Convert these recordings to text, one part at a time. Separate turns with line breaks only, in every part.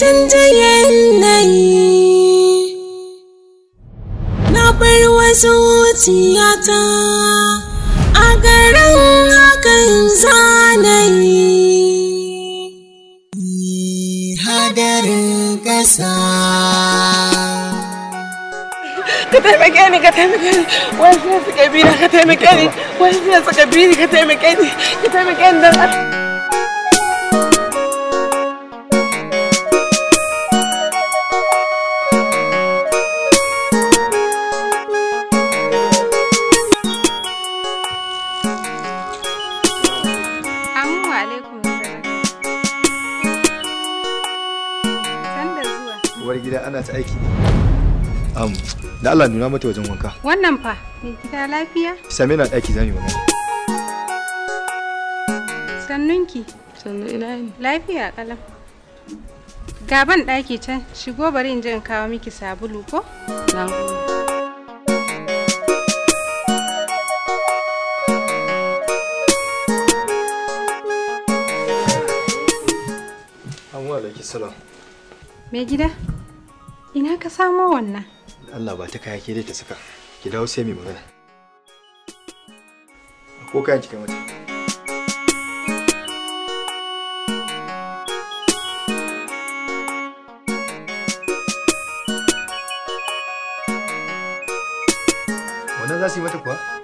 canza yanayi na bar wasu zuciyata
a garin hakan zanayi hadarin ƙasa
ka taimake ni ka taimake ni wai sai ka bi ka taimake ni wai sai ka bi ka taimake ni ka taimake ni dan
Uwar gida ana ta aiki ne. da Allah nuna mata wajen wanka
wannan fa mai gida lafiya
same na daki yi magana
sannunki sannu ina ne lafiya kalam gaban daki can shigo bari in je in kawo miki sabulu ko nagode Me gida, ina ka samo wannan?
Allah ba ta kaya ke dai ta saka ki dawo sai mai magana ko kayan ki kai mata za su yi mata kuwa?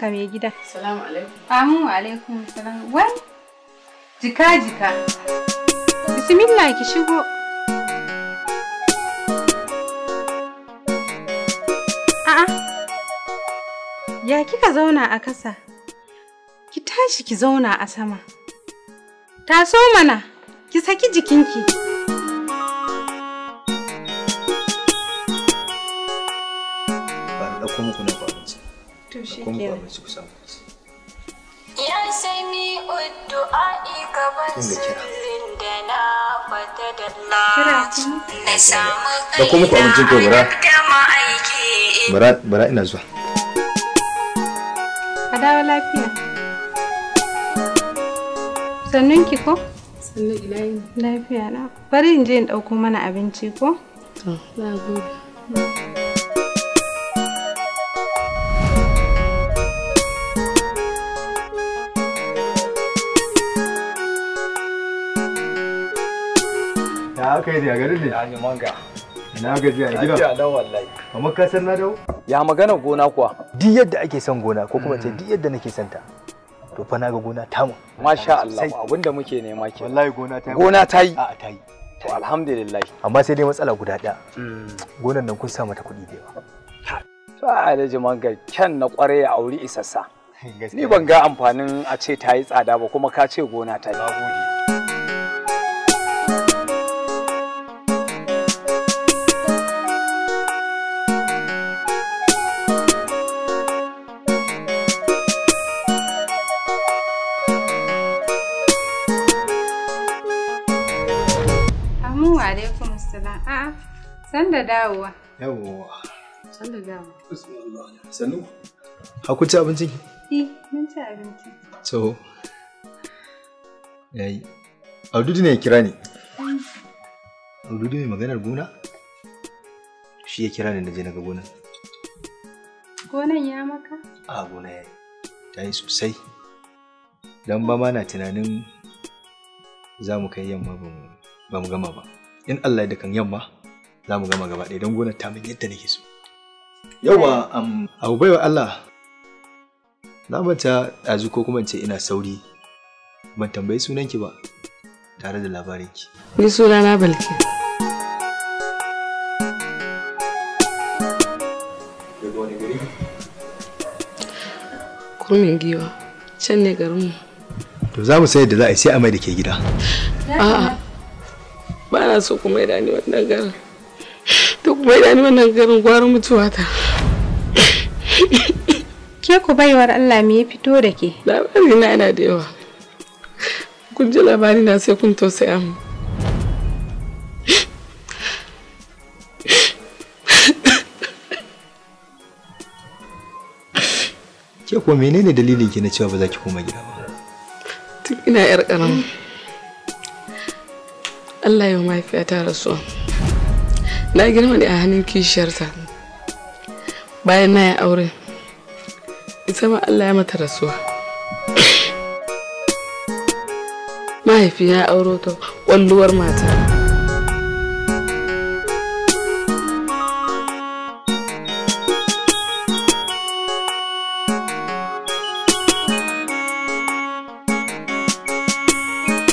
ka mai gida. Salamu alaikum. Amu alaikum salam. Wai, jika jika. Bismillah ki shigo. A'a, ya kika zauna a kasa? Ki tashi ki zauna a sama. Taso mana, ki saki jikinki. ki.
kuma ba su kusa ya da
da
da kuma ku ko bara bara bara ina zuwa
a dawo lafiya sannun ki ko lafiya na bari in je in ɗauko mana abinci ko na gode
aka yi da yagarin ne? Ya ni manga. Na gaji a gida. Lafiya lau wallahi. Kuma ka san na dawo? Ya magana gona kuwa. Duk yadda ake son gona ko kuma ce hmm. duk yadda nake son ta. To fa na ga gona tamu. Masha Allah abinda muke nema ke. Wallahi gona ta yi. Gona ta yi. A'a ta yi. To alhamdulillah. Amma sai dai matsala guda ɗaya. Hmm. Gonan nan kun sa mata kuɗi da yawa. To Alhaji Manga kyan na kware ya auri isassa. Ni ban ga amfanin a ce ta yi tsada ba kuma ka ce gona
ta yi.
San da dawowa. Yawwa. San da
dawowa. Sannu. ku ci abinci?
Si, e, mun ci abinci.
To. Yayi. Aududu ne ya kira ni. Mm. Aududu mai maganar gona? Shi ya kira ni na je na ga gonan. Gonan ya maka? A gona ya yi. Ta yi sosai. Don ba ma na tunanin za mu kai yamma ba mu gama ba. In Allah da kan yamma. za mu gama gaba ɗaya don gonar ta min yadda nake so yawa am abu baiwa Allah na manta ɗazu ko kuma ce ina sauri ban tambayi sunanki ba tare da labarinki
ni sunana balki
kurmin giwa can ne garinmu
to za mu sai da za a yi sai a mai da ke gida
a'a ba na so kuma mai da ni wannan garin bai da ni wannan garin gwarin mutuwa ta
ke ku baiwar Allah me ya fito da ke labari na yana da yawa
kun ji labari na sai kun tausaya mu
ke kuwa menene dalilin ki na cewa ba za ki koma gida ba
tun ina yar karama Allah ya mafiya ta rasuwa na girma da a hannun kishiyarta bayan na yi aure ita ma Allah ya mata rasuwa mahaifi ya auro ta kwalluwar mata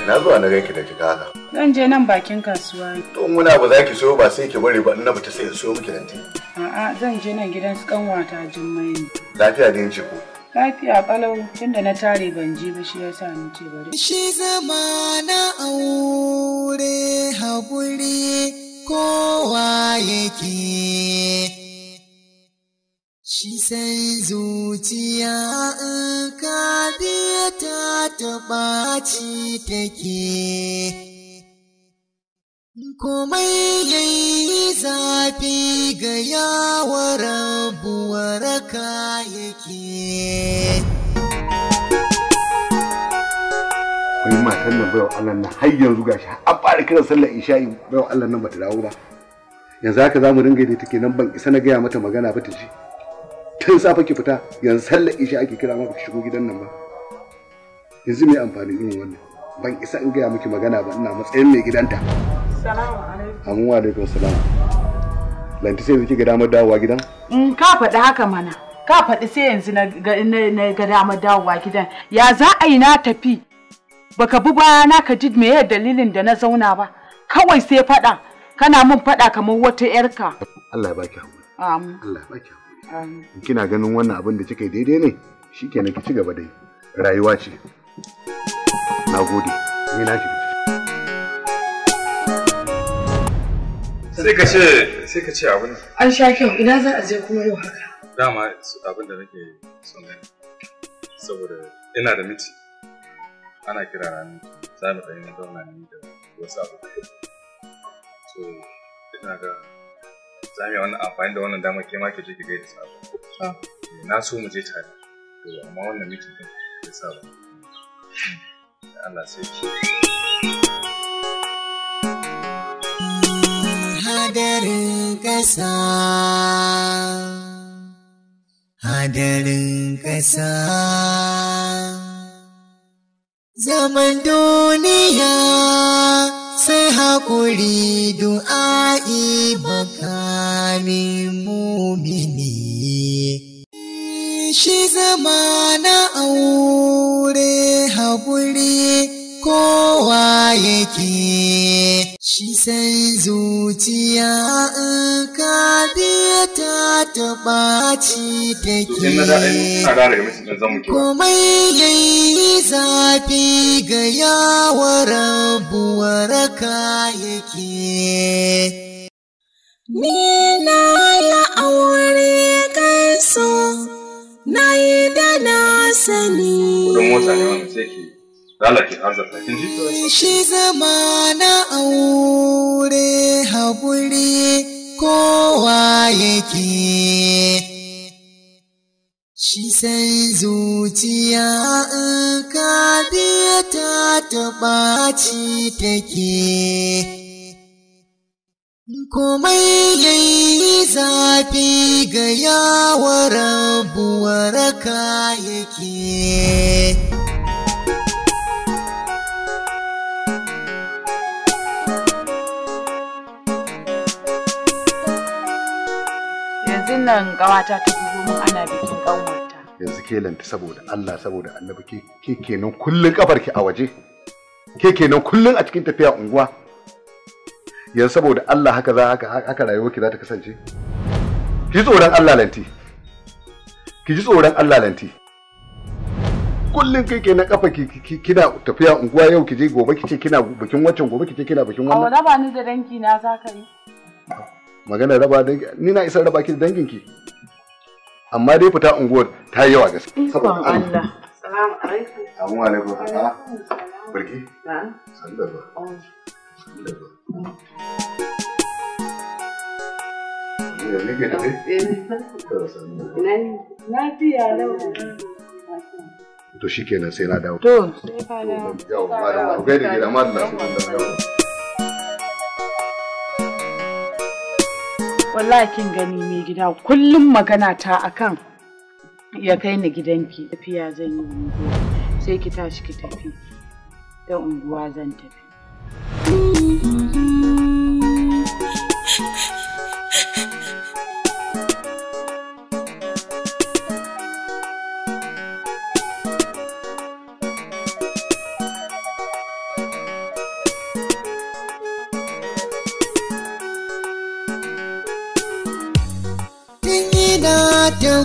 na zuwa na gaiki da kika haka
zan je nan bakin kasuwa ne.
To muna ba za ki so ba sai ki bari ba ina ba ta sai in so miki nanti.
A'a zan je nan gidan su kanwata Jummai ne.
Lafiya da ce ko.
Lafiya balau tunda na tare ban je ba shi yasa ni ce bari. Shi zama na aure haƙuri
kowa yake. Shi sai zuciya in ka ta taɓaci take. komai dai zafi ga yawar rabuwar ka yake
wani matan nan baiwa Allah na har yanzu gashi an fara kiran sallar isha'i baiwa Allah nan bata dawo ba yanzu haka zamu dinga da take nan ban isa na gaya mata magana ba ta ji tun safa ki fita yanzu sallar isha ake kira maka shigo gidan nan ba yanzu me amfani irin wannan ban isa in gaya miki magana ba ina matsayin mai gidanta
Assalamu
alaikum. salama Lanti sai yanzu kika damar dawowa gidan?
In ka faɗi haka mana. Ka faɗi sai yanzu na ga damar dawowa gidan. Ya za a yi na tafi? Baka bi bayana ka ji meye dalilin da na zauna ba. Kawai sai faɗa. Kana min faɗa kamar wata 'yarka. Allah ya baki amin Allah ya baki amin.
Kina ganin wannan abin da kika yi daidai ne? Shikenan ki ci gaba dai. Rayuwa ce. Na gode. Ni na shiga. sai ka ce sai ka ce abin
an sha kyau ina za a je kuma yau haka
dama abin da nake
son gani saboda ina da miti ana kira rani za mu ɗanyi zauna ne da wasu abokai so ina
ga za mu yi wannan amfani da wannan damar ke ma ke je ki gaida sabo ah. na so
mu je tare to amma wannan miti ɗin ya sabo hmm. Allah sai ki
hadarin ƙasa. Hadarin ƙasa. Zaman duniya sai haƙuri du'a'i makamin mumini. Shi zama na aure haƙuri kowa yake shi sai zuciya ka ta taba ci ke komai yayi zafi ga yawar buwar ka yake nina ya aure kai so na yi da na sani lalace zama na aure haguri kowa yake Shi sai zuciya in ka ta taɓa ci take. Komai yayi zafi ga yawon rabuwar yake.
wannan gawata ta bugo mun ana bikin kanwata
yanzu ke lanta saboda Allah saboda annabi ke ke kenan kullun kafar ki a waje ke kenan kullun a cikin tafiya unguwa yanzu saboda Allah haka za haka haka rayuwar ki za ta kasance ki tsoron Allah lanti ki ji tsoron Allah lanti kullum kai ke na kafa kina tafiya unguwa yau ki je gobe ce kina bikin wancan gobe ce kina bikin wannan.
Awa ba ni da danki na zakari.
magana raba dangi ni na isa raba ki da danginki amma dai fita unguwar ta yi yawa gaske saboda Allah salamu alaikum assalamu alaikum barki sallaba oh. eh, sallaba
Ina ne ke da Na biya lau.
To shi kenan sai na dawo. To,
sai ka dawo. Yau, madalla, ku kai da gida madalla
su dawo.
wallahi kin gani mai gida kullum magana ta akan ya kai ni gidanki tafiya zan yi unguwa sai ki tashi ki tafi da unguwa zan tafi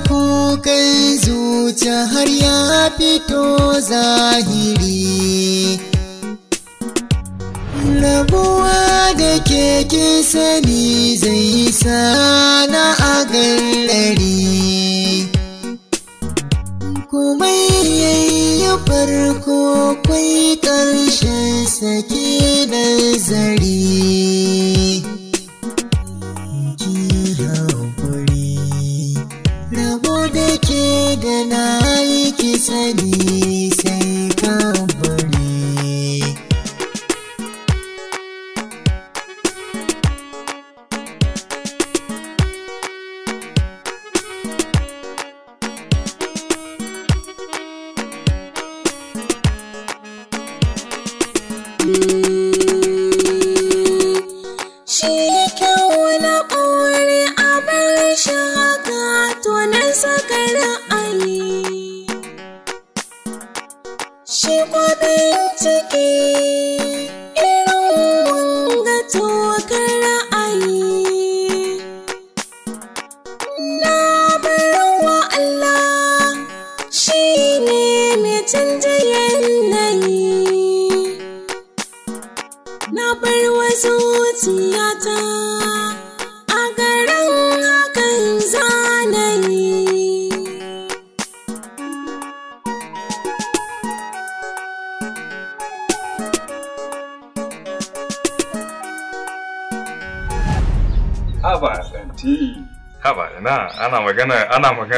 kukai zuciya har ya fito zahiri rabuwa da keke sani zai sana a gallari kuma yayya farko kwai ƙarshen sake nazari na yi ki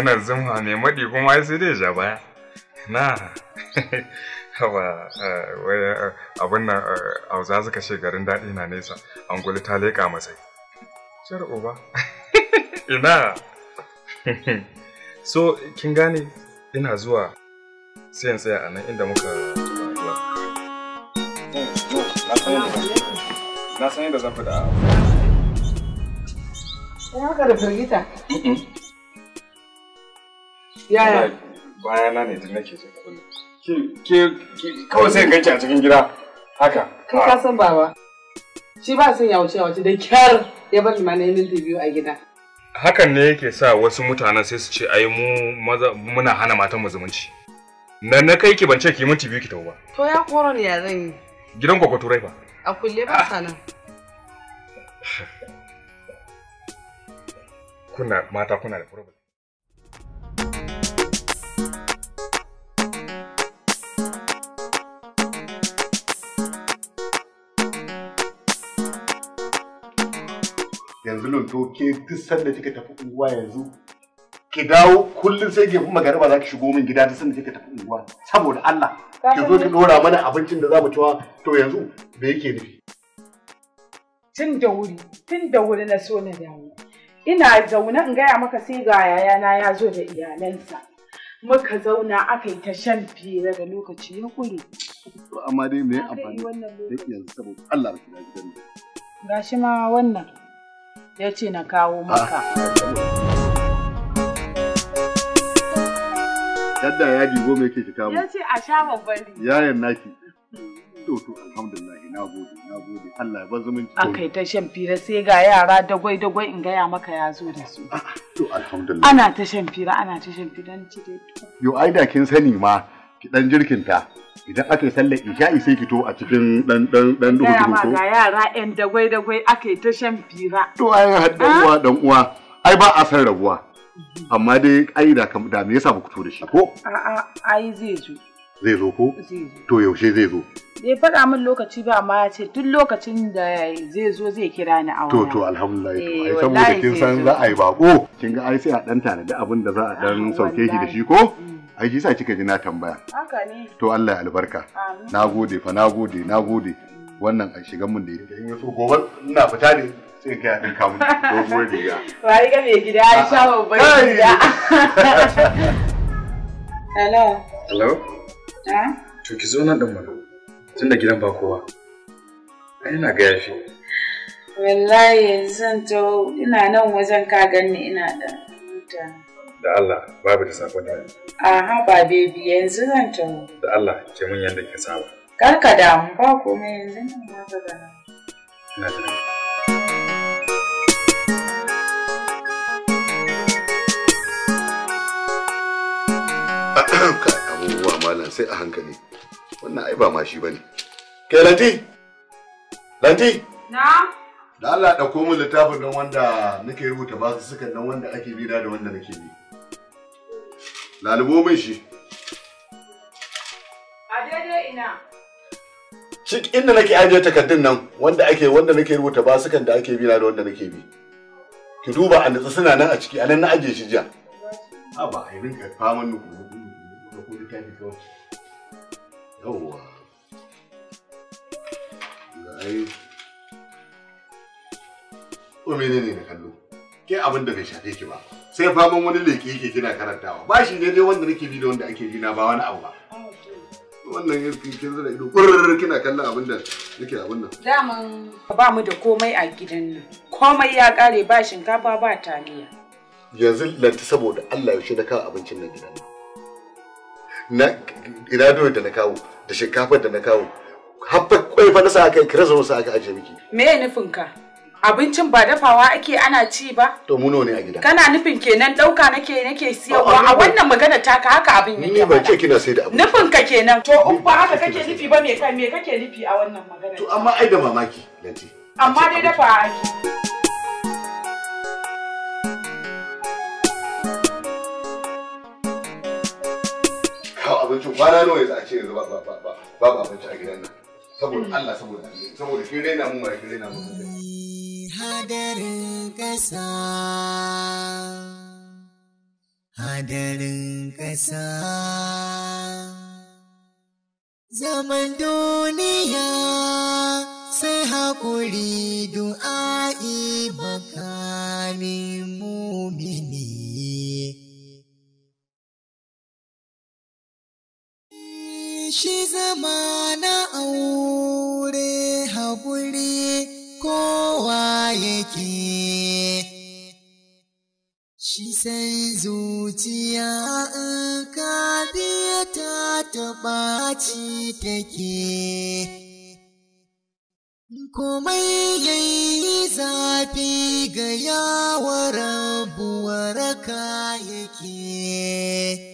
maganar zuma mai maɗi kuma sai dai ja baya na hawa eh, eh, abin nan eh, auza suka ce garin daɗi na nesa an guli ta leƙa masa shar uba ina so kin gane ina zuwa sai in tsaya a nan inda muka
na san yadda zan fi da
haka da firgita yaya
bayana ne duk nake jin abin ke ke kawai sai ganki a cikin gida haka
kai ka san baba shi ba son ya wuce wace da kyar ya bar ma mana minti biyu a gida
hakan ne yake sa wasu mutanen sai su ce ai mu maza muna hana matan mu zumunci na na kai ki bance ki minti biyu ki tafi ba
to ya koro ne ya zan yi
gidan kwakwato fa
a kulle ba sanan
kuna mata kuna da problem yanzu lonto ke duk sanda kika tafi unguwa yanzu ki dawo kullum sai ke kuma magariba za ki shigo min gida duk sanda kika tafi unguwa saboda Allah
ki zo ki dora
mana abincin da za mu ciwa to yanzu da yake nufi
tun da wuri tun da wuri na so na dawo ina zaune in gaya maka sai ga yayana ya zo da iyalansa muka zauna aka yi ta shan fiye da lokaci ya kure
to amma dai me amfani da yanzu saboda Allah ya kira gidan
gashi ma wannan ya ce na kawo maka.
Yadda ya digo mai ke kika mu. Ya
ce a sha babbali.
Yayan naki. To to alhamdulillah na gode na gode Allah ya bazu zumunci. An kai ta shan fira sai ga yara dagwai
dagwai in gaya maka ya zo da su. Ah,
to alhamdulillah. Ana
ta shan fira ana ta shan fira ni ce dai.
Yo ai kin sani ma ki dan jirkinta idan aka yi sallar isha'i sai ki to a cikin dan dan dan duhu duhu ko yara
yan dagwai dagwai ake ta shan fira to ai dan ah? uwa
dan uwa ai ba a san rabuwa mm-hmm. amma dai ai da me yasa ba ku to da shi ko
a'a ai zai zo.
zai zo ko? To yaushe zai zo?
Bai faɗa min lokaci ba amma ya ce duk lokacin da zai zo zai kira ni a To to alhamdulillah to eh, ai saboda kin san
za a yi bako kin ga ai sai a dan tanadi abin da za a dan ah, sauke shi da shi ko? Mm. Ai shi sa kika ji na tambaya. Haka ne. To Allah ya albarka. Na gode fa na gode na gode. Mm. Wannan a shigan mun da yake yi so gobe ina fita ne sai ga din kamun doguwar riga.
Wai ga mai gida ya sha babban gida. Hello. Hello. Eh?
To ki zo nan ɗin mana, tun da gidan ba kowa. Ai ina ga yafi.
Wallahi zan to ina nan wajen ka ganni ina da
Da Allah, babu da sako dare.
Aha, ba bebi yanzu zan taho.
Da Allah, ke mun yadda ke saba.
Kar ka damu ba komai
yanzu nan ma ka gana. Ina tunanin.
sai a hankali wannan ai ba mashi bane kai lanti lanti na da Allah da komo littafin don wanda nake rubuta ba su sukan nan wanda ake bida da wanda nake bi lalubo min shi
a daidai ina
cik inda nake ajiye takardun nan wanda ake wanda nake rubuta ba sukan da ake bida da wanda nake bi ki duba a nutsu suna nan a ciki a nan na ajiye shi jiya a ba a yi rinka faman nuku da kuma littafi kawai yawwa ai ko menene na kallo ke abin da bai shafe ki ba sai faman wani leke yake kina karantawa ba shi ne dai wanda nake bi da wanda ake gina ba wani abu ba wannan yankin kin zira ido kurrr kina kalla abin da nake abin nan
daman ba mu da komai a gidan nan komai ya kare ba shinkafa ba taliya
yanzu lanti saboda Allah yaushe na kawo abincin nan gidan na ina da na kawo da shinkafar da na kawo habba kwai fa na sa aka kira zo sa aka aje miki
me ya nufin ka abincin ba dafawa ake ana ci ba
to mu ne a gida
kana nufin kenan dauka nake nake siyarwa a wannan magana ta ka haka abin yake ni ba
ce kina sai da abin
nufin ka kenan to in ba haka kake nufi ba me kai me kake nufi a wannan magana to
amma ai da mamaki lanti
amma dai dafa ake
abincin kwana nawa yanzu a ce yanzu babu abinci a gidan nan saboda hmm. Allah saboda saboda kin raina mun mara kin mun
hadarin kasa hadarin kasa zaman duniya sai haƙuri du'a'i
bakamin mumi shi zama na
aure haƙuri kowa yake. Shi sai zuciya in ka ta taɓaci take. Komai yayi zafi ga yawon rabuwar kayake. yake.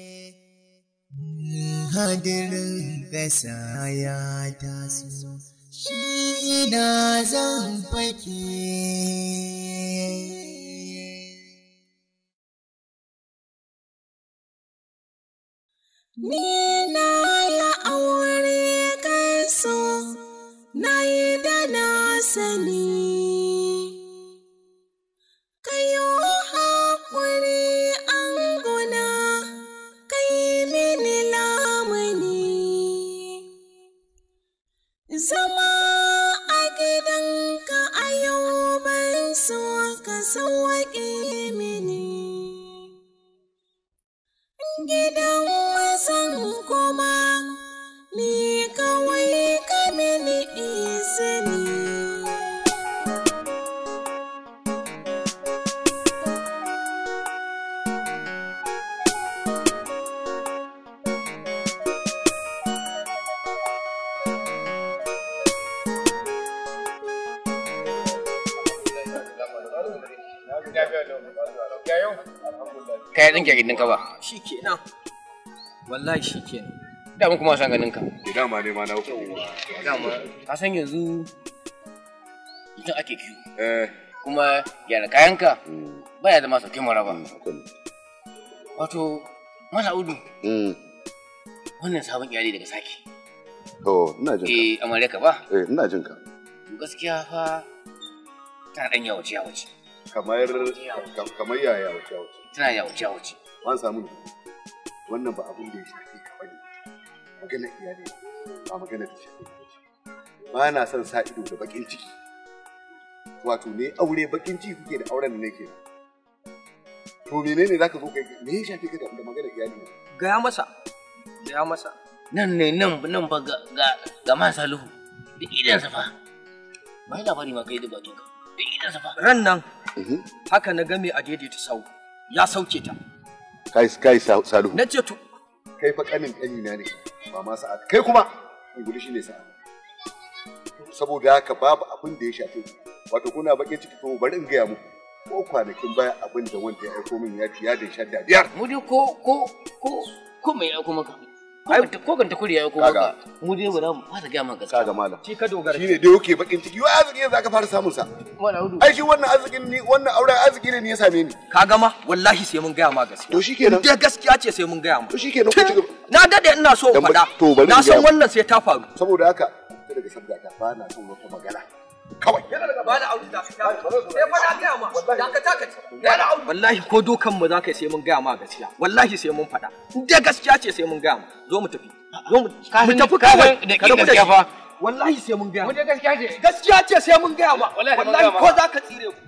hadirin ƙasa ya taso
shi ina zan fake Ni na ya aure kansu
na yi da na sani, kayo sauwaƙe mini. Gidan wasan kuma
Kai ɗin gyarin ɗinka ba. Shi ke nan Wallahi shi ke kenan. Damun kuma san ganin ka. Dama ne ma na hukun. Dama. Ka san yanzu mutum ake kiwo. Eh. Kuma yara kayanka mm. baya zama sauke mara ba. Mm, Wato Mala Udu. Mm. Wannan sabon iyali daga sake.
To, ina jin ka. Eh, amarya ka ba? Eh, ina jin ka. Gaskiya fa ta dan yawo yawace yawace. kamar kamar ya wuce wuce tana ya wuce wuce ban samu wannan ba abin da ya shafi ka bane magana iyali ba magana ta shafi ba na son sa ido da bakin ciki wato ne aure bakin ciki kuke da auren da nake to menene zaka zo kai me ya shafi ka da magana iyali gaya masa gaya masa
nan ne nan nan ba ga ga man saluhu da idansa fa bai labari ma kai da bakin ka da idansa fa ran nan Mhm.
haka na game a daidaita sau ya sauke ta
kai kai salihu na ce to kai fa kanin na ne ma sa'ad kai kuma shi ne sa'ad saboda haka babu abin da ya shafe wato kuna bakin ciki to bari in gaya muku ko kwanakin baya abin da wanda ya aiko min ya ci ya da shadda biyar mu ko ko ko ko mai aiko maka ai ko ganta kuri yayi ko haka mu dai ba mu fara ga man gaskiya kaga malam shi ka dogara shi ne da yake bakin ciki wai arziki yanzu aka fara samun sa ai shi wannan arzikin ni wannan
auren arziki ne ya same ni kaga ma wallahi sai mun gaya ma gaskiya to shikenan dai gaskiya ce sai mun gaya ma to
shikenan ku ci gaba
na dade ina so faɗa na san
wannan sai ta faru saboda haka
daga sabda ta ba na son wata magana kawai wallahi ko dokan mu zaka sai mun gaya ma gaskiya wallahi sai mun faɗa in gaskiya ce sai mun gaya ma zo mu tafi zo mu tafi kawai da gaskiya fa. wallahi sai mun gaya mu dai gaskiya ce gaskiya ce sai mun gaya ma wallahi ko zaka tsire ku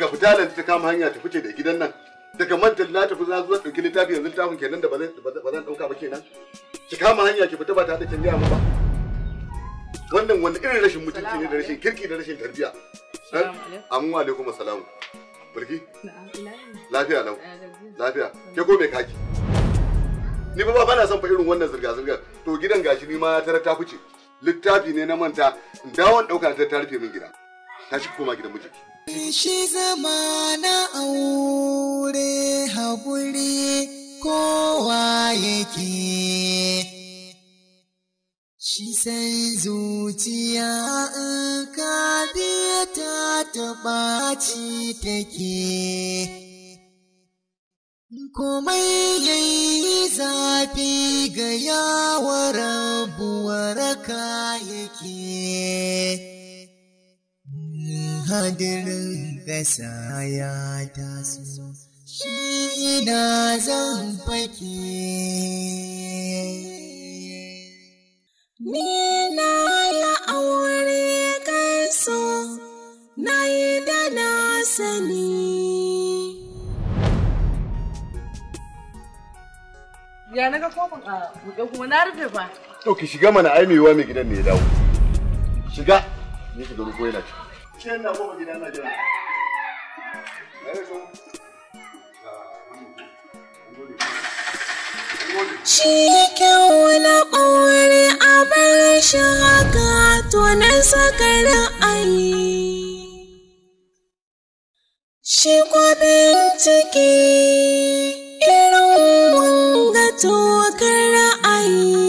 daga fita da ta kama hanya ta fice da gidan nan daga manta na tafi za zuwa ɗauki littafi yanzu littafin kenan da ba zan ɗauka ba kenan ki kama hanya ki fita ba tare da kin gaya ba wannan wani irin rashin mutunci ne da rashin kirki da rashin tarbiya amma eh? wa alaikum assalamu bulki lafiya lau eh, lafiya ke ko me kaki ni ba ba na son fa irin wannan zirga zirga to gidan gashi ni ma ya tara ta fice littafi ne na manta dawon ɗauka ta tarfe min gida tashi koma gidan mijinki
Shi zama na aure haƙuri kowa yake. Shi sai zuciya in ka ta taɓa taɓaci take. Komai yayi zafi ga yawon rabuwar ka yake. hadirin ƙasa ya taso shi na zan fake ni na
ya aure kansu na yi da na sani
ya naga kofin a buɗe kuma na rufe ba to ki shiga mana ai mai gidan ne ya dawo shiga ne shiga ruko yana ciki ke na goma gida a
bar shi haka tonin sakarin ayi. Shi kwanin ciki irin mun ga
tokar ra'ayi.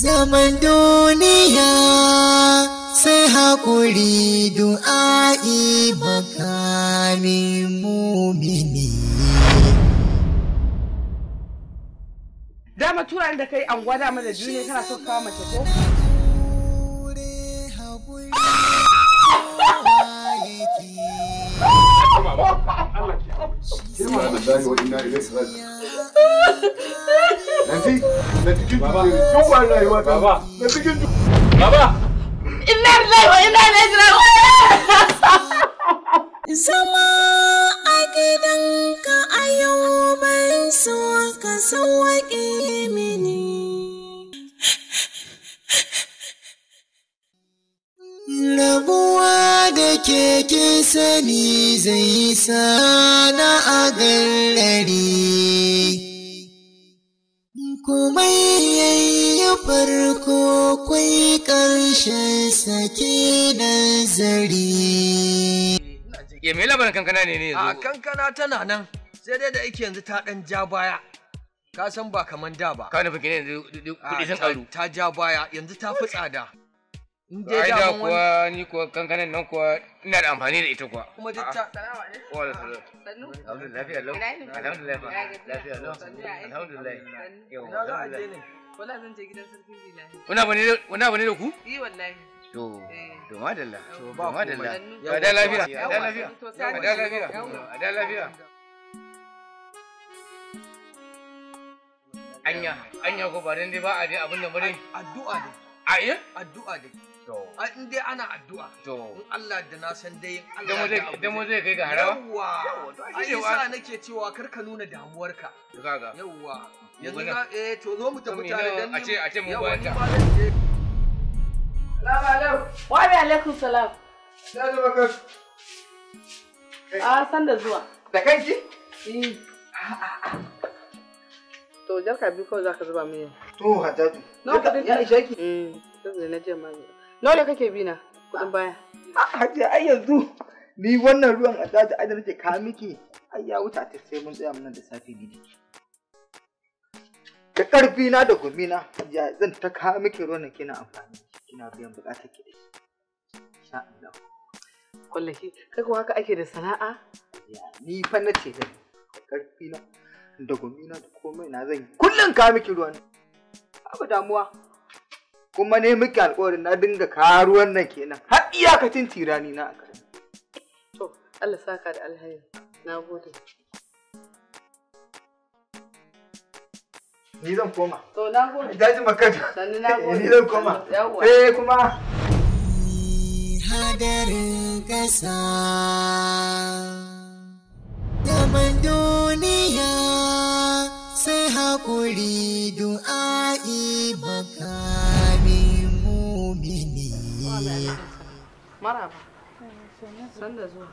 zaman duniya haƙuri
du'a'i bakamin mumini. Dama turan da kai an gwada mana juniya tana so
kawo mace ko? Baba! Baba!
Inna lillahi wa inna ilaihi raji'un.
Zama a gidanka a yau ban so ka sauwaƙe mini.
Rabuwa da keke sani zai sana a gallari. Kuma yayi farko kwai ƙarshen sake nazari.
Ya mai labarin kankana ne ne yanzu? A
kankana tana nan, sai dai da ake yanzu ta ɗan ja baya. Ka san ba kaman da ba. Ka
nufin kenan yanzu kuɗi sun ƙaru. Ta ja baya, yanzu ta fi tsada. in da kuwa ni kuwa kankanan nan kuwa ina da amfani da ita kuwa kuma duk ta
alhamdulillah lafiya lau alhamdulillah
lafiya lau alhamdulillah alhamdulillah zan je gidan da ku wallahi to eh. to madalla to ba madalla ya da lafiya ya da lafiya ya da lafiya ya da lafiya anya anya ko ba dai ba a dai abin da bare
addu'a dai a addu'a dai Ai in dai ana addu'a. In Allah da na san dai in Allah da abu. zai kai ga harawa? Yawwa. Ai yasa nake cewa kar ka nuna
damuwarka. Yawwa. Yanzu na
eh to zo mu tafi tare dan
a ce a ce mu ba ta.
alaikum. Wa alaikum salam. Salamu alaikum. A san da zuwa. Da kanki? Eh.
To jarka biyu kawai za ka zuba mini.
To hajjaju. Na kuɗin ya ishe
Mm. Zan na je
Nawa kake bi na kuɗin baya? Hajiya ai
yanzu ni wannan ruwan a daji ai da nake ka miki ai ya wuta ta sai mun tsaya nan da safe gidi. Da karfi na da gumi na hajiya zan ta kawo miki ruwan nan kina amfani kina biyan buƙatar ki shi. Insha Allah. Kwallaki kai kuma haka ake da sana'a? Ni fa na ce da karfi na da gumi na da komai na zan yi ka kawo miki ruwan. Abu damuwa. kuma ne muke alkawarin na dinga karuwan wannan kenan har iyakacin tirani na akai
to Allah saka da alheri na gode ni zan koma to na gode daji makan sannu na gode ni zan koma eh kuma hadarin
kasa zaman duniya sai haƙuri du'a'i baka
maraba san da zuwa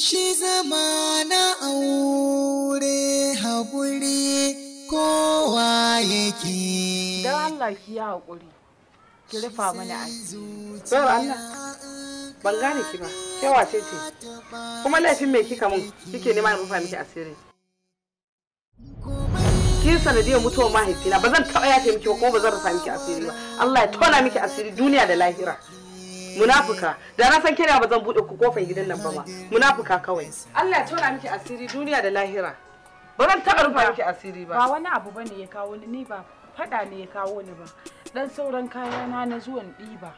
shi zama na
aure haƙuri kowa yake don Allah ki yi haƙuri ki rufa mana asiri sai Allah ban gane ki ba ke wace ce kuma laifin me kika mun kike nema na rufa miki asiri kin sanadiyar mutuwar mahaifina ba zan taɓa yafe miki ba kuma ba zan rufa miki asiri ba Allah ya tona miki asiri duniya da lahira munafuka da na san kina ba zan bude ku kofar gidan nan ba ma munafuka kawai Allah ya tona miki asiri duniya da lahira ba zan taɓa rufa miki asiri ba ba wani abu bane ya kawo ni ni ba fada ne ya kawo ni ba dan sauran kayana na zuwan diba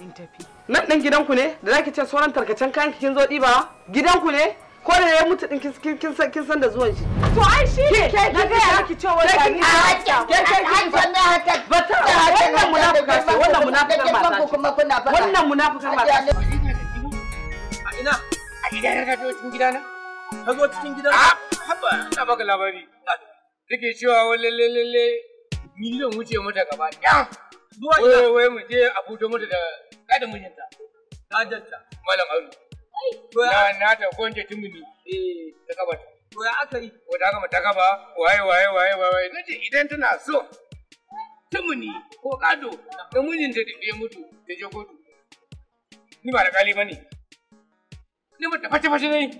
in tafi nan dan ku ne da zaki ce sauran tarkacen kayan kin zo gidan ku ne ko da ya mutu din kin san kin san da zuwan shi to ai shi ne ke na ga ya ki ce wai ba ni ke ke ki san da haka bata wannan munafika ce wannan munafikar mata ce kuma kuna faɗa wannan munafikar mata
a
ina a ka zo cikin gidana ka zo cikin gidana haba ina baka labari cewa wai lalle lalle ni zan wuce mata gaba ɗaya zuwa ina wai mu je a mata da kada mijinta malam na ta gwanje tumuni eh. ta gaba to ya aka yi ko ta gaba ta gaba waye waye waye waye idan tana so tumuni ko kado da mijin ta dade mutu ta je kotu ni ba da kali ne. ni mata fata fata ne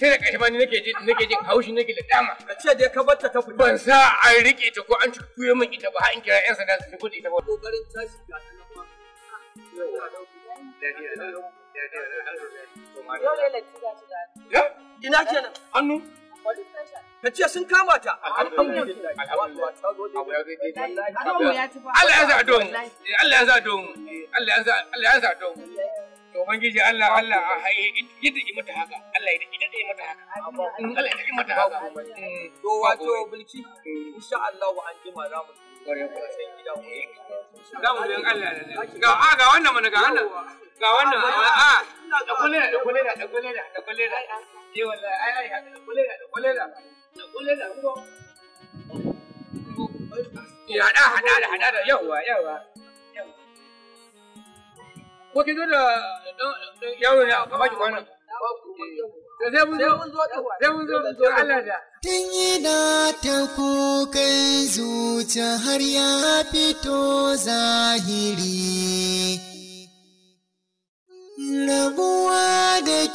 sai da ƙarshe bani nake nake jin haushi nake da dama ka ce dai ka ta fita ban sa an rike ta ko an tuye min ita ba har in kira yan sanda su gudu ita ba kokarin tashi ga ta nan
ba Dole
Latifa su gano. Ina kenan?
Hannu? Ka ce sun kama ta. Alhamdulillah. Allah ya sa don.
Allah ya sa don. Allah ya sa don. To Ubangiji Allah Allah a
yadda daɗi
mata haka. Allah ya daɗi mata haka.
Allah ya daɗi mata haka.
Mm. To wato bulki insha Allah wa an jima za mu
ga wannan mana ga wannan ga wannan a
da kulela da kulela da kulela da kulela eh wallahi ai ai da kulela da kulela da kulela ko ya da hada da hada da yawa yawa ko ki zo da
yawo ne ka baki wannan sai mun mun zo Allah da
tun yana ta kukan zuciya har ya fito zahiri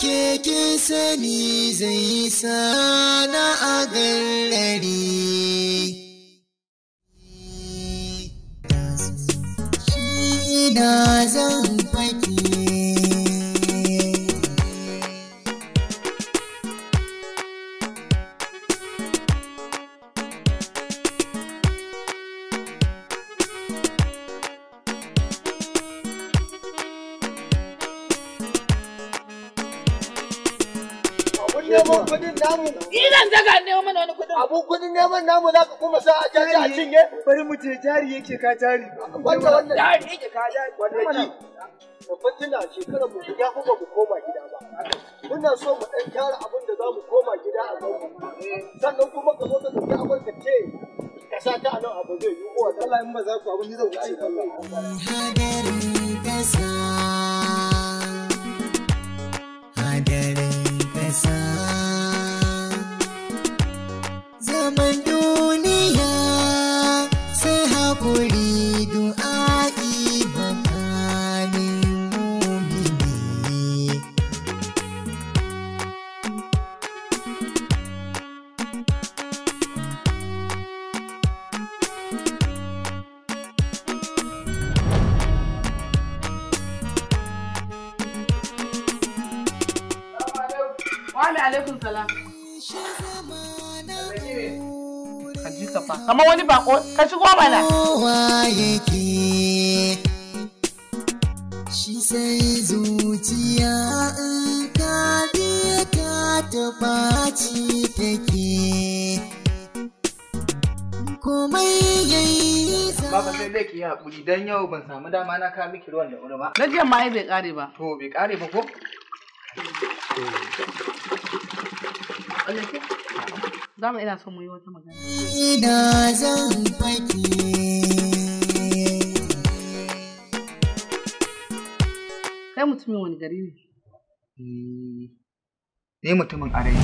ke kin sani zai sana a gallari
namu za ka kuma sa a jari a cinye? Bari mu je jari yake ka jari. Wanda wannan jari yake ka jari. Wannan ji. Babban tuna shekarar mu ya kuma mu koma gida ba. Muna so mu ɗan gyara abin da za mu koma gida a zango. Sannan kuma ka zo ka tafi abin ka ce ka sa ta a nan abu zai yi. Allah in ba za ku abin zai zan wuce. Hadarin kasa.
kowa yake shi sai zuciya
in ka ka taɓa ci take komai yayi Baba
sai dai
ki haƙuri don yau ban samu dama na kawo miki ruwan da wuri ba. Na jiya
ma bai ƙare ba.
To bai ƙare ba ko?
za mu ina son mu yi wata
magana.
Kai mutumin wani gari ne? Eh, ni mutumin arewa.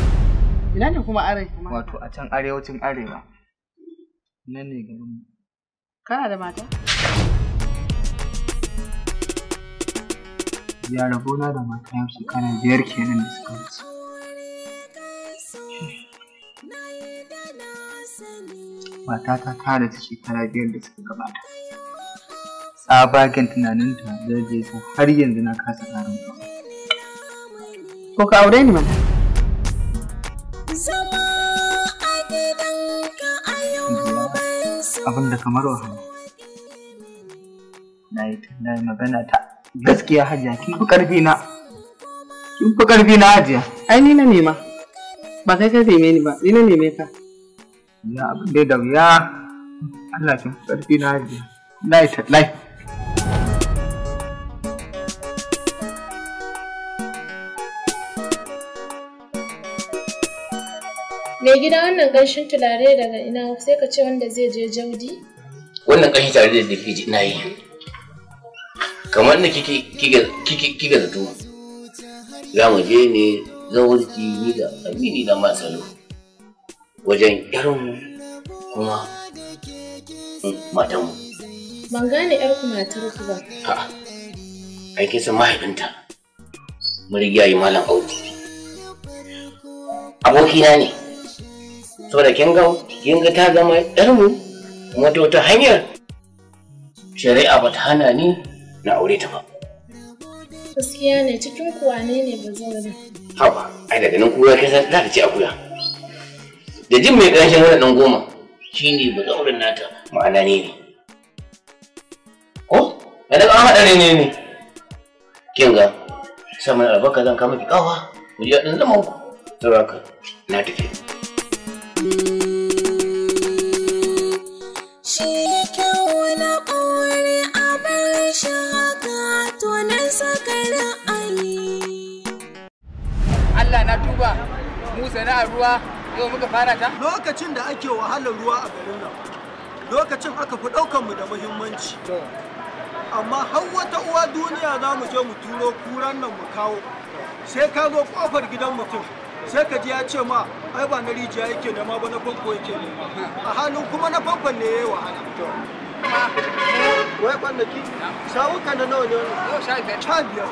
Ina ne kuma arewa?
Wato a can arewacin arewa. Nan ne garin mu. Kana da mata? Ya rabona da mata yau shekara biyar kenan da suka wuce. matata ta ta shekara biyar da suka gabata tsabagen tunaninta da zai sa har yanzu na kasa ƙarin ko ka aure ni mana abin da kamar wahala na yi tunayi magana ta gaskiya hajiya kin fi ƙarfi na
kin fi ƙarfi na hajiya
ai ni na nema ba kai ka neme ni ba ni na neme ka ya abin dai da wuya Allah kin sarfi na hajiya lai lai
Mai gida wannan ƙanshin tulare daga ina sai ka ce wanda zai je jaudi?
Wannan ƙanshin tulare da ke ji ina yi. Kamar da kike zato, za mu je ne zaurki ni da amini da masalo. wajen yaron kuma matanmu.
Ban gane ƴar ku ba.
A'a, ai kin san mahaifinta yi malam Audu. Abokina ne, da kin ga kin ga ta zama ‘yarmu kuma ta wata hanyar shari'a ba ta hana ni na aure ta ba.
Gaskiya ne cikin kuwa ne ne ba zai
Haba, ai daga nan kuwa kasa za ta ce akuya. da jin mai ƙanshin wani ɗan goma ba bazaurin nata ma'ana ne ne ko ya daga an haɗa ne ne ne kin ga saman albarka zan kama ki kawa mu ji ɗan zaman ku saboda na tafi
Allah na tuba Musa na ruwa Yau muka fara ta? Lokacin da ake wahalar ruwa a garin nan, lokacin aka fi ɗaukanmu da muhimmanci. Amma har wata uwa duniya za mu je mu turo kuran nan mu kawo. Sai ka zo ƙofar gidan mutum. sai ka ji ya ce ma ai ba na rijiya yake nema ba na famfo yake nema a hannun kuma na famfon ne ya yi wahala eh, wai kwanaki sawuka na nawa ne wani sha biyar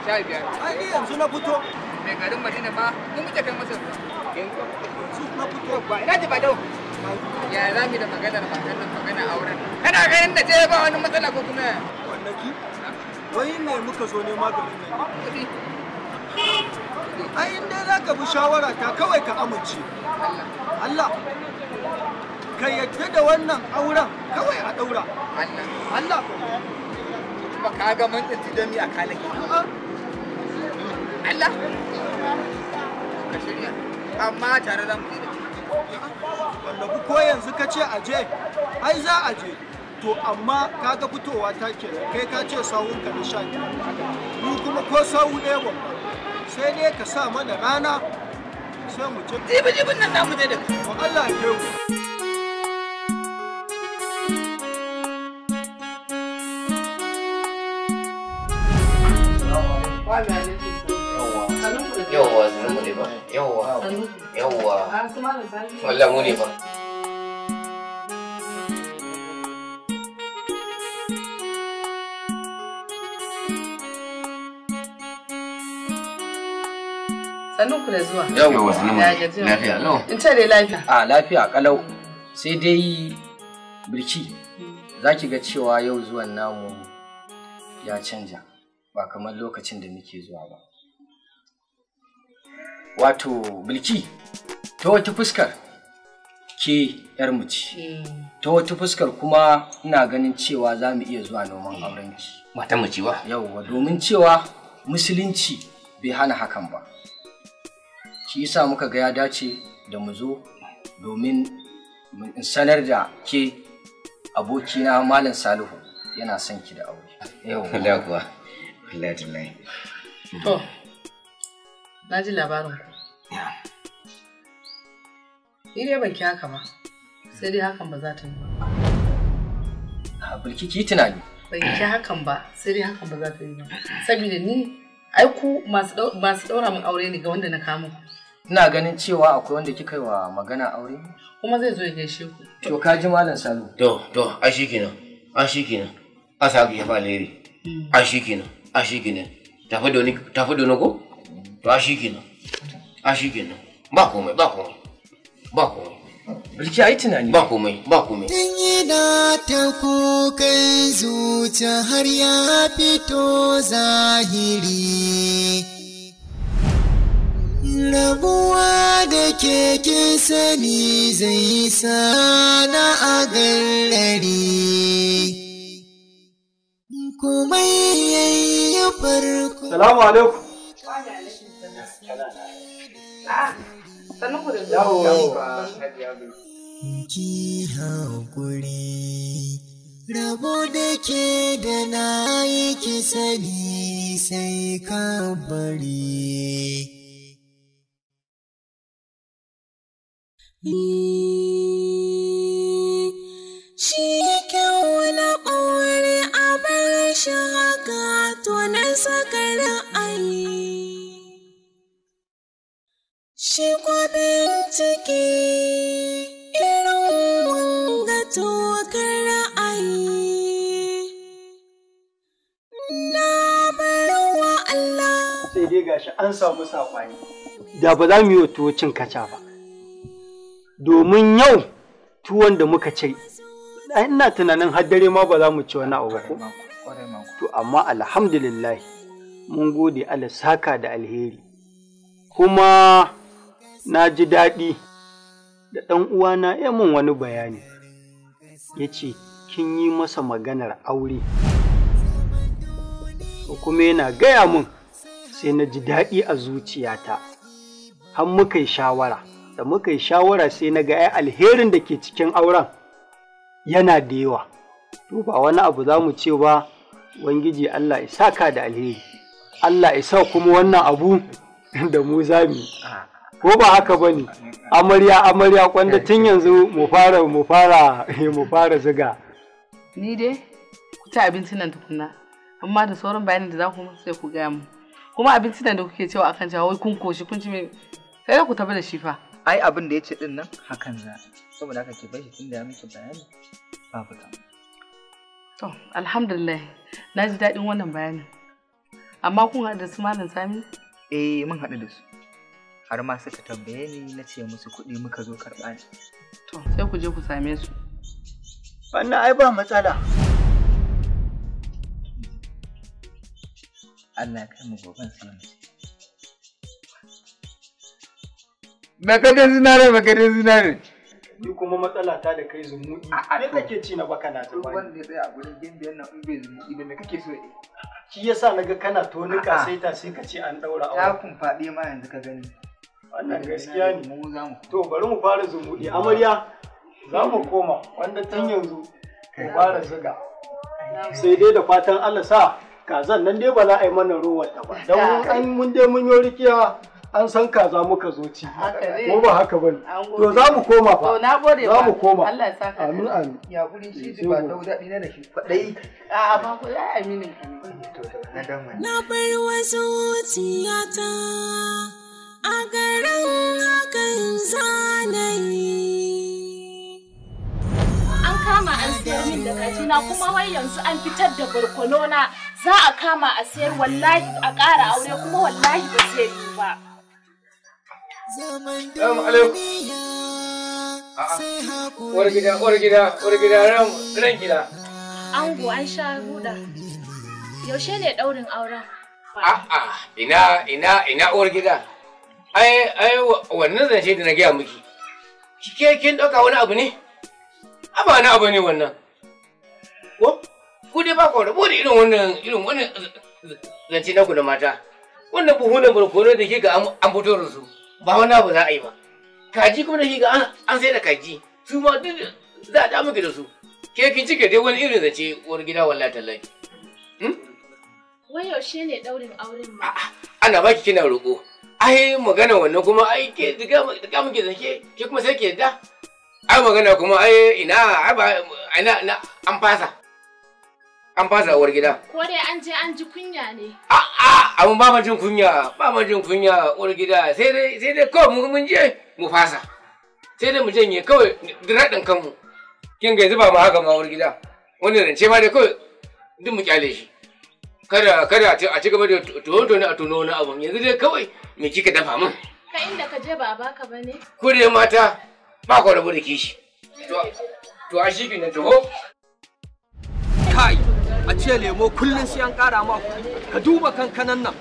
sha biyar ai yanzu na fito mai garin madina ba, mun muke kai masa ruwa ba ina ji ba dau
ya za mu da maganar maganar magana auren
kana ganin da ce ba wani matsala ko kuma wannaki wai ne muka zo ne maganin nan ai in dai za ka bi shawara ta kawai ka amince Allah ka yadda da wannan auren kawai a daura Allah Allah
ba ka ga mun tsinci jami'a kalaki Allah
amma tare za mu wanda ku ko yanzu ka ce a ai za a je to amma kaga fitowa ta ke kai ka ce sawun ka na sha ni kuma ko sawu ne ba sai ne ka sa mana rana sai mu je jibi jibin nan namu je da kai Allah
ya kai
Bye, man. yawwa yawwa wallah mu ne
fa
sannun ku da zuwa
lafiya lau in ce
dai lafiya a ah, lafiya
kalau sai dai birki za ki ga cewa yau zuwan namu ya canja ba kamar lokacin da muke zuwa ba wato bilki ta wata fuskar ke yar ce eh. ta wata fuskar kuma ina ganin cewa za mu iya zuwa noman eh. aurenki mata mace wa yawwa domin cewa musulunci bai hana hakan ba shi yasa muka ga ya dace da mu zo domin sanar da ke abokina malam salihu yana son ki da aure yawwa kuwa
Na ji labarin ku. Ni dai ban ki haka ba. Sai dai hakan ba za ta yi ba.
bulki ki tunani.
Ban ki hakan ba, sai dai hakan ba za ta yi ba. Saboda ni ai ku masu daura min aure ne ga wanda na kama ku.
Ina ganin cewa akwai wanda kika yi wa magana aure. Kuma zai zo ya gaishe ku.
To ka ji malam Salu. To to a shi kenan. A shi kenan. A sa ki ya fa leri. Hmm. A shi kenan. A shi kenan. Tafi da wani ko? to a shi kenan a shi kenan ba komai ba komai ba komai Bilki ai tunani ba komai ba komai
Tun da ta kukan zuciya har ya fito zahiri Rabuwa da keke sani zai sana a gallari. Kuma yayi farko. Salamu alaikum.
rabu
da da ke
da na yi sani sai ka bari shi kyau na ɓaure
a bar haka to na sakara ciki irin mun ga tokar ra'ayi. Na barawa Allah.
Sai dai gashi an samu saɓani. Da ba za mu yi wa tuwo cin kaca ba. Domin yau tuwon da muka ce, ina tunanin har dare ma ba za mu ci wani abu ba To amma alhamdulillah mun gode Allah saka da alheri. Kuma na ji daɗi da ɗan uwana ya mun wani bayani ya ce kin yi masa maganar aure kuma yana gaya mun sai na ji daɗi a zuciyata har muka yi shawara da muka yi shawara sai na ga alherin da ke cikin auren yana da yawa to ba wani abu za mu ce ba wangiji Allah ya ka da alheri Allah ya sa kuma wannan abu da mu za mu ko ba haka ba ne amarya amarya kwanda tun yanzu mu fara mu fara mu fara ziga
ni dai ku ci abincin nan tukunna amma da sauran bayanin da za ku sai ku gaya mu kuma abincin nan da kuke cewa akan cewa wai kun koshi kun ci me sai ku tafi da shi fa
ai abin da ya din nan hakan za saboda haka ke bashi tun da ya miki bayani ba fita
to alhamdulillah
na ji daɗin wannan bayanin amma kun haɗa su malam sami eh mun haɗu da su har ma suka tambaye ni na ce musu kuɗi muka zo karɓa ne.
To sai ku je ku same su. Wannan ai ba matsala. Allah kai mu gobe sai mu. Bakadin zinare bakadin zinare. Ni kuma matsala ta da kai zumuɗi. sai kake ci na baka na ta bani? Wanda zai tsaya a gurin gimbiyan nan in bai zumuɗi ba me kake so eh? Shi yasa naga kana sai ta sai ka ce an daura aure. Ya kun faɗi ma yanzu ka gani.
wannan eh, gaskiya
ne to bari mu fara zumuɗi amarya za mu koma wanda tun yanzu mu fara zuga sai dai da fatan Allah sa kazan nan dai ba za a yi mana ruwan ta ba don an mun dai mun yi rikiya an san kaza muka zo ci ko ba haka bane to za mu koma fa to na gode za mu koma Allah ya saka amin amin
ya guri shi eh, ba
dauda dina da shi kwadai
a
ba ko ya aminin na bar wasu zuciyata a garin hakan zanayi. An kama an sayar min da kajina kuma wai yanzu an fitar da barkono na za a kama a sayar wallahi a ƙara aure kuma wallahi ba zai yi ba.
Uwar gida, uwar gida, uwar gida, ran gida.
Ango an sha huda. Yaushe ne ɗaurin auren?
A'a, ina, ina, ina uwar gida. ai ai wannan zance da na gaya miki kike kin dauka wani abu ne a ba na abu ne wannan ko ku dai ba ku da da irin wannan irin wannan zance na ku da mata wannan buhunan barkono da kika an fito da su ba wani abu za a yi ba kaji kuma da kika an sai da kaji su ma duk za a da miki da su ke kin cike dai wani irin zance uwar gida wallahi tallahi hmm?
Wai yaushe ne ɗaurin auren ma?
Ana baki kina roƙo. Ai magana wannan kuma ai ke diga muke zake? ke kuma sai ke da. Ai magana kuma ai ina ina na an fasa. An fasa uwar gida.
Ko dai an je an ji kunya ne.
A'a amma ba ma jin kunya ba ma jin kunya uwar gida sai dai sai dai ko mun je mu fasa. Sai dai mu janye kawai diraɗin kanmu. Kin ga yanzu ba mu haka ma uwar gida. Wannan rance ma dai kawai duk mu kyale shi. kada kada a ci gaba da ne a tuno wani abu yanzu dai kawai me kika dafa min
ka inda ka je ba a baka ba ne
ku dai mata ba ku rabu da kishi to a shi na taho
kai a ce lemo kullun sai an kara ma ka duba kankanan nan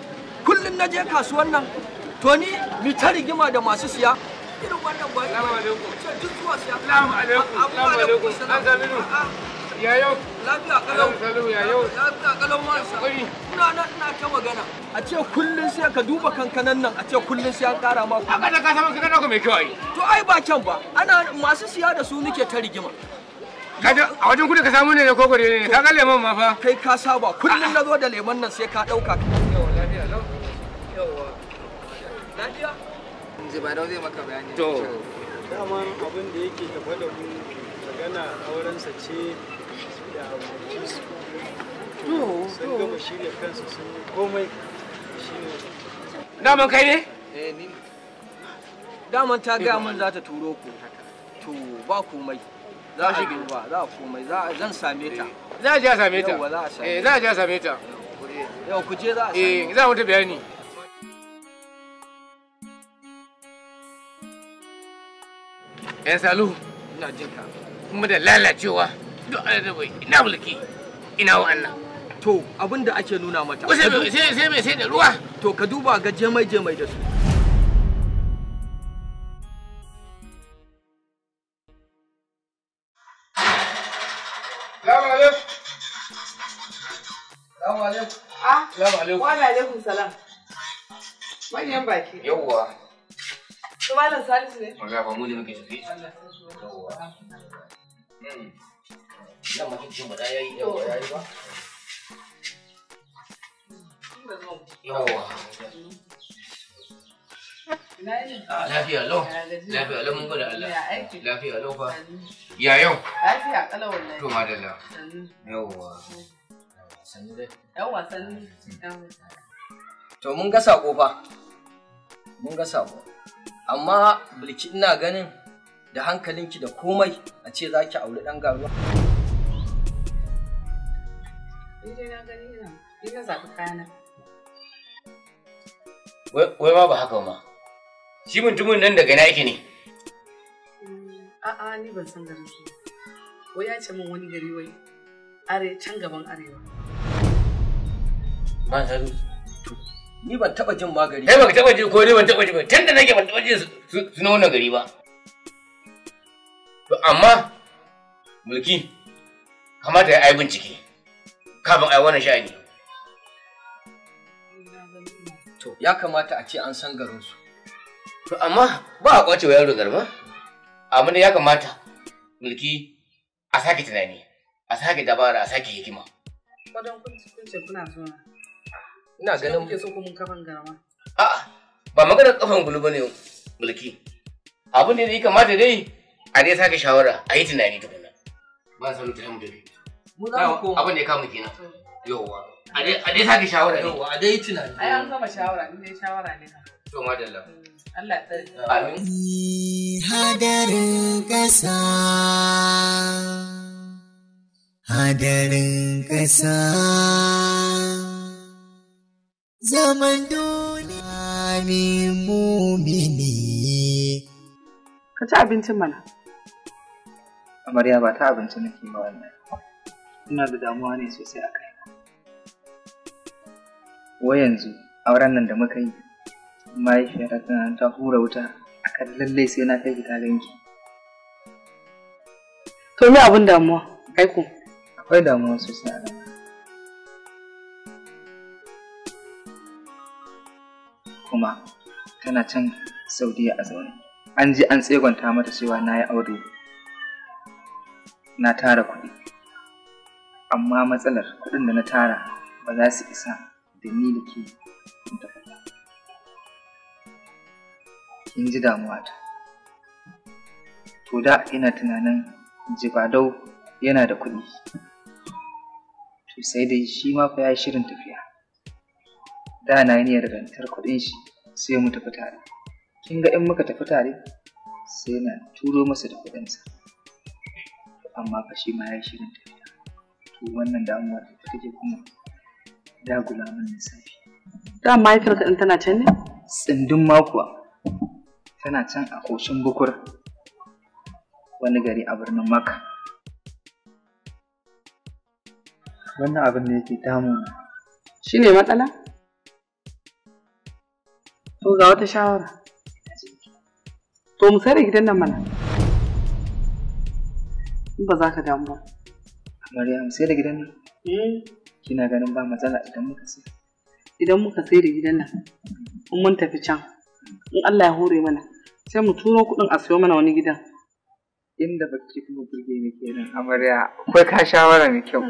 kullun na je kasuwan nan to ni mi ta rigima da masu siya irin wannan ba salamu alaikum
salamu alaikum salamu alaikum ya yau lafiya kalau kalau ya yau lafiya kalau ma sai ina nan ina ta magana
a ce kullun sai ka duba kankanan nan a ce kullun sai an kara ma haka da ka samu kankanan ku mai kyau ai to ai ba kyan ba ana masu siya da su nake ta rigima a wajen kudu ka samu ne ko gore ne ka ga lemon ma fa kai ka saba kullun na zo da lemon nan sai ka dauka yau lafiya lau lafiya
zai ba zai maka bayani to daman abin da yake tafa da mu magana aurensa ce daman
kai ne? eh ni daman ta gaya mun za ta turo ku to ba komai za a ba, za a komai za zan same ta eh.
za a je a same ta eh za a je a same ta yau ku je za a same eh za mu ta bayani yan eh, salu ina jin ka kuma da lalacewa ina mulki ina wa'annan
to abin da ake nuna mata sai mai sai da ruwa to ka duba ga jemai jemai
da su ah,
Salamu alaikum. Wa
alaikum salam.
wani yan baki. Yawwa.
Su malam Salisu ne?
Magana ba mu ne muke tafi. Allah sai su. Yawwa. Hmm. Nan mu ah, ya yi ya
yi ba. Lafiya lafiya mun Allah.
Lafiya fa. Ya yau.
To mun ga sako fa. Mun ga sako. Amma bilki ina ganin da hankalinki da komai a ce za ki auri ɗan garuwa.
Ni dai na gani ni na zaɓi kayana.
Wai ma ba haka ma. Shi mutumin nan daga na yake ne.
Mm, a'a ni ban san garin shi. Wai ya ce min wani gari wai are can gaban arewa.
Ba ta Ni ban taɓa jin ma gari. Kai ba ka taɓa jin ko ni ban taɓa
jin ba. Tun da nake ban taɓa jin su wannan gari ba. To amma mulki kamata ya yi bincike. kafin a yi wani sha'ani. To, ya kamata a ce an san garinsu. To, amma ba a kwace wa yaro garma? Amma ne ya kamata mulki a sake tunani, a sake dabara, a sake hikima.
Wadon kun ce kuna zuwa. Ina ganin kuke so ku mun kafan garma. A'a,
ba maganar kafan gulu bane mulki. Abin da ya kamata dai a dai sake shawara, a yi tunani tukuna. Ba san tunani abin da ya kama kenan yauwa a dai sake shawara ne yauwa a dai tunani
ai an gama shawara ni dai shawara ne
to madalla mm, Allah ya tsare amin
hadarin ƙasa, hadarin ƙasa, zaman duniya
ne mu mumini ka ci abincin mana
amarya ba ta abinci nake ba wannan ina da damuwa ne sosai a kai wa yanzu auren nan da muka yi mahaifiyata tana ta hura wuta a kan lallai sai na kai gida ganki to me abin damuwa kai ku akwai damuwa sosai a kai. kuma tana can saudiya a zaune an ji an tsegonta mata cewa na yi aure na tara kuɗi amma matsalar kuɗin da na tara ba za su isa da ni da ke kin ji damuwa ta to da ina tunanin dau yana da kuɗi to sai dai shi ma fa ya shirin tafiya da na yi niyyar rantar kuɗin shi sai mu tafi tare kin ga in muka tafi tare sai na turo masa da kuɗinsa amma fa shi ma ya shirin tafiya To wannan damuwa da ta take kuma dagula min lissafi.
Da mahaifiyarka ka tana can ne?
Tsindin makuwa tana can a ƙoshin bukur wani gari a birnin Maka. Wannan abin da yake damuna.
Shi ne matsala? To ga wata shawara. To mu sai da gidan nan mana. In ba za ka damu ba.
Maryam sai da gidan nan? Eh. Kina ganin ba matsala idan muka sai? Idan muka sai da gidan nan, in mun tafi can, in Allah ya hore mana, sai mu turo kuɗin a siyo mana wani gidan. Inda baki kuma burge ni kenan amarya, akwai ka shawara mai kyau.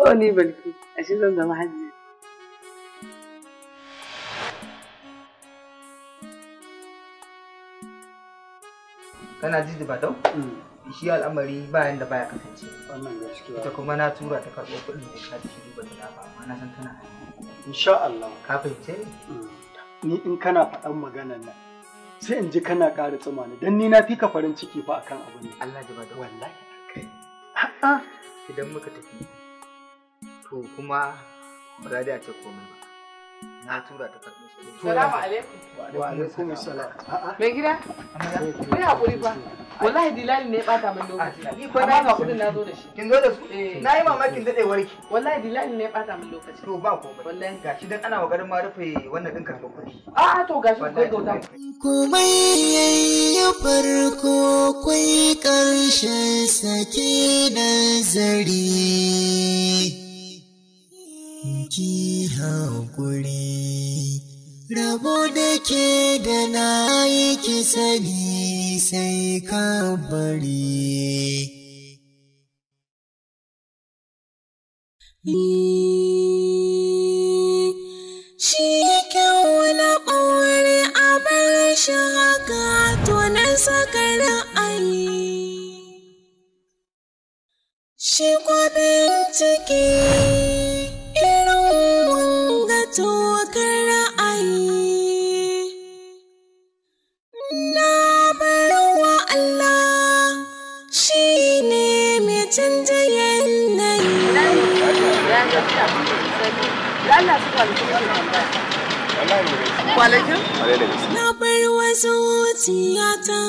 Oh ni balki,
ashe zan zama hajiya.
kana ji ba dau mm. shi al'amari bayan da baya kasance wannan ita kuma na tura ta karɓo kuɗin da ka ci
duba da lafa amma na san tana insha Allah ka fahimce ni mm. in kana faɗan maganar nan sai in ji kana ƙara tsuma ni dan ni na fi ka farin ciki fa akan ne Allah ji ba da wallahi a'a idan muka tafi to
kuma ba za a ce komai ba na tura ta karɓi shi salamu
alaikum
wa alaikum salam
mai gida kai hakuri fa
wallahi dilali ne ya bata min lokaci ni ko na ga kudin na zo da shi kin zo da su eh. na yi mamakin dadewar ki wallahi dilali ne ya bata min lokaci to ba komai wallahi gashi dan ana maganar ma rufe wannan din karɓar kudi. a to
gashi kai gauta
komai yayi farko kai karshen sake nazari ki
haƙuri
rabo da
ke da na yi ki sani sai ka bari shi yake wani ɓaure
a bar shi haka tunan sakarin ayi shi kwa ciki tokar ra'ayi na barwa Allah shi ne mai canja na zuciyata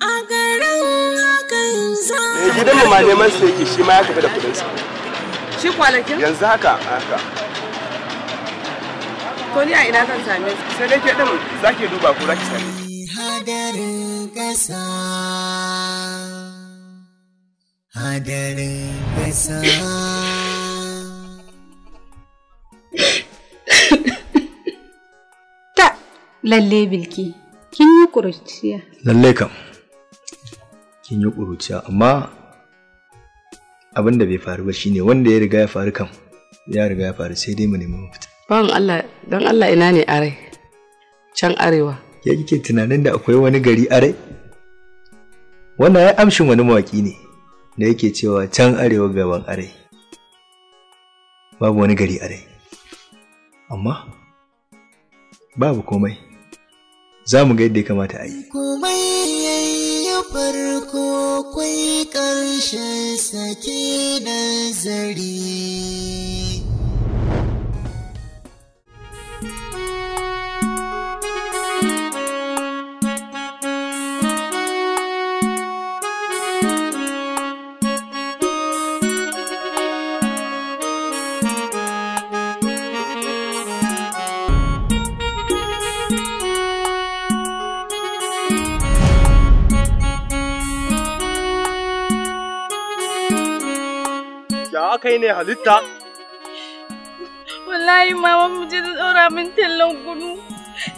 a garin
hakan za gidan
ma neman su yake shi ma ya tafi da kudinsa shi yanzu haka haka
To ni a ina zan same su. Sai dai ke din zaki duba ko zaki same Hadarin ƙasa.
Hadarin ƙasa.
Ta lalle bilki kin yi ƙuruciya.
Lalle kam. Kin yi ƙuruciya amma abin da bai faru ba shine wanda ya riga ya faru kam ya riga ya faru sai dai mu nemi mafita.
Ban Allah, don Allah ina ne are, Can arewa.
Ya kike tunanin da akwai wani gari are? Wannan ya amshin wani mawaƙi ne da yake cewa can arewa gaban are. Babu wani gari are. Amma babu komai. Za mu ga yadda ya kamata a yi.
Komai yayi farko kwai ƙarshen sake nazari.
aka yi ne halitta?
Wallahi ma mu je da ɗora min tallan kunu.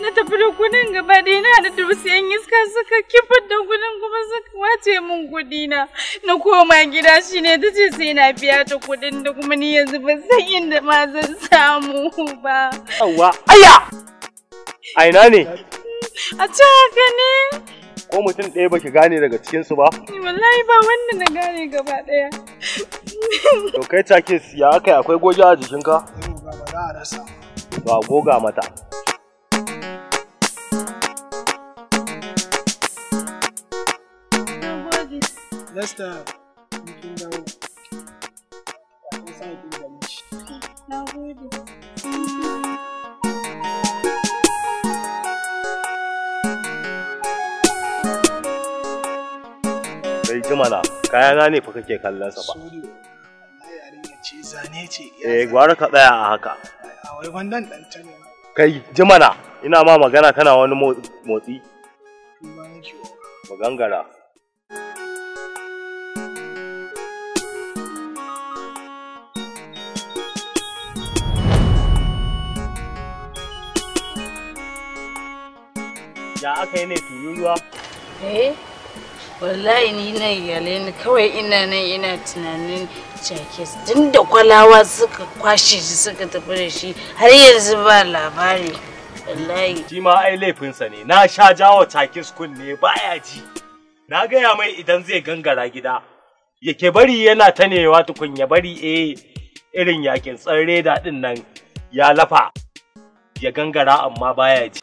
Na tafi da kunin gaba da na da dusiyan iska suka kifar da kunin kuma suka wace min kudina. Na koma gida shi ne ta sai na biya ta kudin da kuma ni yanzu ban san inda ma zan samu ba.
Yawwa, aya!
A ina ne?
A can haka ne.
ko mutum ɗaya baki gane daga cikinsu ba?
Wallahi ba wanda na gane gaba ɗaya.
To kai takis ya aka akwai goge a jikinka? Ba goga mata.
Na gode.
ci mana kayana ne fa kake kallon sa ba eh gwara ka tsaya a haka
wai wannan dan ta ne
kai jimana ina ma magana kana wani motsi magangara Ya aka yi ne tururuwa? Eh, wallahi
ni na yale ni kawai ina nan ina tunanin jakes din da kwalawa suka kwashe shi suka tafi da shi har yanzu ba
labari wallahi shi ma ai laifinsa ne na sha jawo jakes kunne baya ji na gaya mai idan zai gangara gida yake bari yana tanewa tukun ya bari eh irin yakin tsare da din nan ya lafa ya gangara amma baya ji